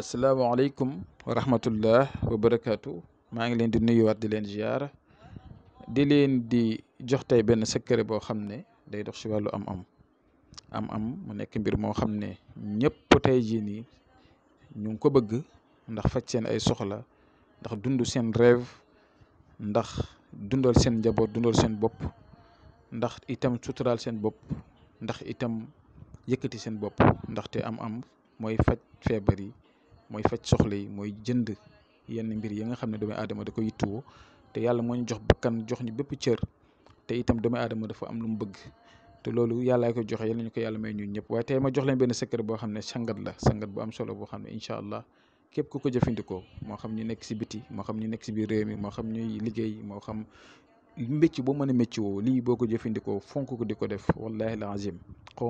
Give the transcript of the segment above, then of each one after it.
asalaamaaleykum wa rahmatullah wa barakaatu maa ngi leen di nuyuwaat di leen ziyaara di leen di jox tey benn secret boo xam ne day dox ci wàllu am-am am-am mu nekk mbir moo xam ne ñëpp tey jii nii ñu ngi ko bëgg ndax faj seen ay soxla ndax dund seen rêve ndax dundal seen njaboot dundal seen bopp ndax itam suturaal seen bopp ndax itam yëkkati seen bopp ndaxte am-am mooy faj feebar yi. mooy faj soxla yi mooy jënd yenn mbir yi nga xam ne doomu aadama da koy yittewoo te yàlla moo ñu jox bakkan jox ñu bépp cër te itam doomu aadama dafa am lu mu bëgg te loolu yàllaa ko joxe yàlla ñu ko yàlla may ñun ñëpp waaye tey jox leen benn secret boo xam ne sangat la sangat bu am solo boo xam ne incha allah képp ku ko jëfandikoo moo xam ñu nekk si biti moo xam ñu nekk si biir réew mi moo xam ñuy liggéey moo xam mbécc boo ma a mécc woo lii boo ko jëfandikoo fonk ko di ko def wallahi alazim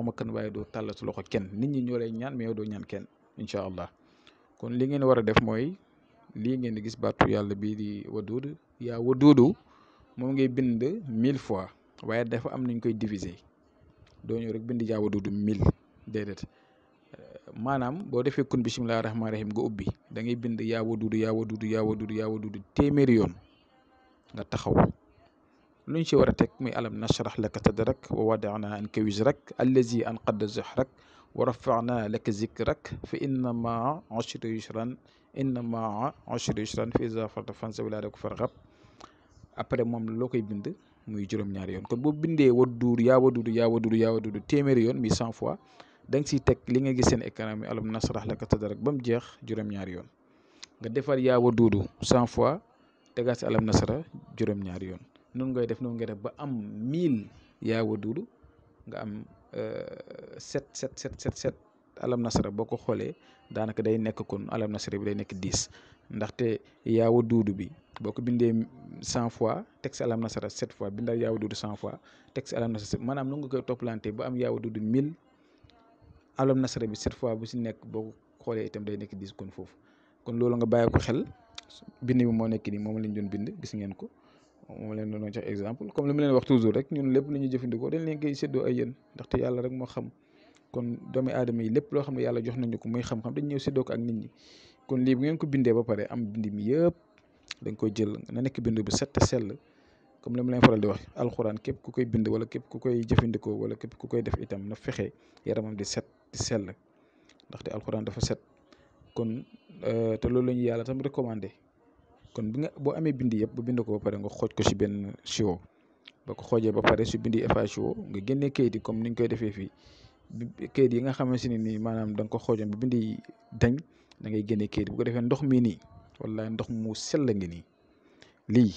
ma kan waaye doo tàllatu loxo kenn nit ñi ñoo lay ñaan mais doo ñaan kenn incha allah kon li ngeen war a def mooy lii ngeen di gis battu yàlla bii di waduud yaa wadudu moom ngay bind mille fois waaye dafa am nañ koy diviser doo ñëw rek bind yaa wadudu mille déedéet maanaam boo defee kun bisimilah rahmaani rahiim nga ubbi da ngay bind yaa wadudu yaa wadudu yaa wadudu yaa wadudu téeméeri yoon nga taxaw luñ ci war a teg muy alam nashrah laka sadrak wa wadaana anka wizrak allazi anqada zahrak ورفعنا لك ذكرك فإن مع عشر يسرا إن مع عشر يسرا فإذا فرغت فانصب إلى ربك فارغب après moom loo koy bind muy juróom-ñaari yoon kon boo bindee wadduur yaa wadduur yaa wadduur yaa wadduur téeméeri yoon mi cent fois da nga siy teg li nga gis seen écran mi alam nasrah laka sadrak ba mu jeex juróom-ñaari yoon nga defar yaa wadduur cent fois tegaat si alam nasra juróom-ñaari yoon noonu ngay def noonu ngay def ba am mille yaa wadduur nga am Euh, sept sept sept sept sept alam nasara boo ko xoolee daanaka day nekk kon alam nasara bi day nekk dix ndaxte yaawa duudu bi boo ko bindee cent fois teg si alam nasara sept fois bindal yaawa duudu cent fois teg si alam nasara maanaam nu nga koy toppalante ba am yaawa duudu mille alam nasara bi sept fois bu si nekk boo ko xoolee itam day nekk dix kon foofu kon loolu nga bàyyi ko xel bind bi moo nekk nii moom lañ doon bind gis ngeen ko. moo leen doon jox exemple comme li wax toujours rek ñun lépp lu ñuy jëfandikoo dañ leen koy séddoo ay yéen ndaxte yàlla rek moo xam kon doomi aadama yi lépp loo xam ne yàlla jox nañu ko muy xam-xam dañ ñëw séddoo ko ak nit ñi kon lii bu ngeen ko bindee ba pare am bind mi yëpp dañ koy jël na nekk bind bu set sell comme li ma leen faral di wax alxuraan képp ku koy bind wala képp ku koy jëfandikoo wala képp ku koy def itam na fexe yaramam di set di sell ndaxte alxuraan dafa set kon euh, te loolu la yàlla tam recommandé kon bi nga boo amee bind yëpp ba bind ko ba pare nga xooj ko si benn siwo ba ko xoojee ba pare su bindi FA siwo nga génnee kayit yi comme ni ñu koy defee fii kayit yi nga xamante ne nii maanaam danga ko xoojoon ba bind yi dañ da ngay génnee kayit bu ko defee ndox mii nii wallaay ndox mu sell ngi nii lii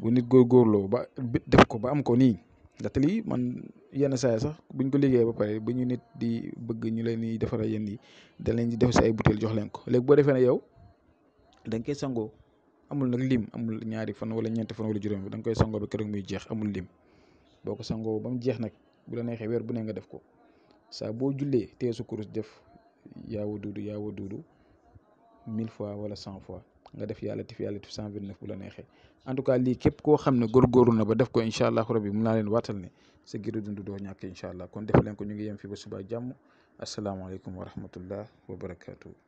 bu nit góorgóorloo ba def ko ba am ko nii ndaxte lii man yenn saa sax buñ ko liggéeyee ba pare ba ñu nit di bëgg ñu leen di defaral yenn yi da leen di def si ay butéel jox leen ko léegi boo defee na yow da nga koy sangoo. amul nag liim amul ñaari fan wala ñeenti fan wala juróomi da nga koy sangoo ba keroog muy jeex amul lim boo ko sangoo ba mu jeex nag bu la neexee weer bu ne nga def ko saa boo jullee tee su kurus def yaa waduudu yaa waduudu mille fois wala cent fois def yàlla tif yàlla tif cent neexee en tout cas lii koo xam ne góorgóorlu na ba def ko incha allah rabbi mun naa leen waatal ne sa giru dund doo allah kon def leen ko ñu ngi yem fi ba subaa jàmm asalaamaaleykum wa rahmatullah wa barakaatu.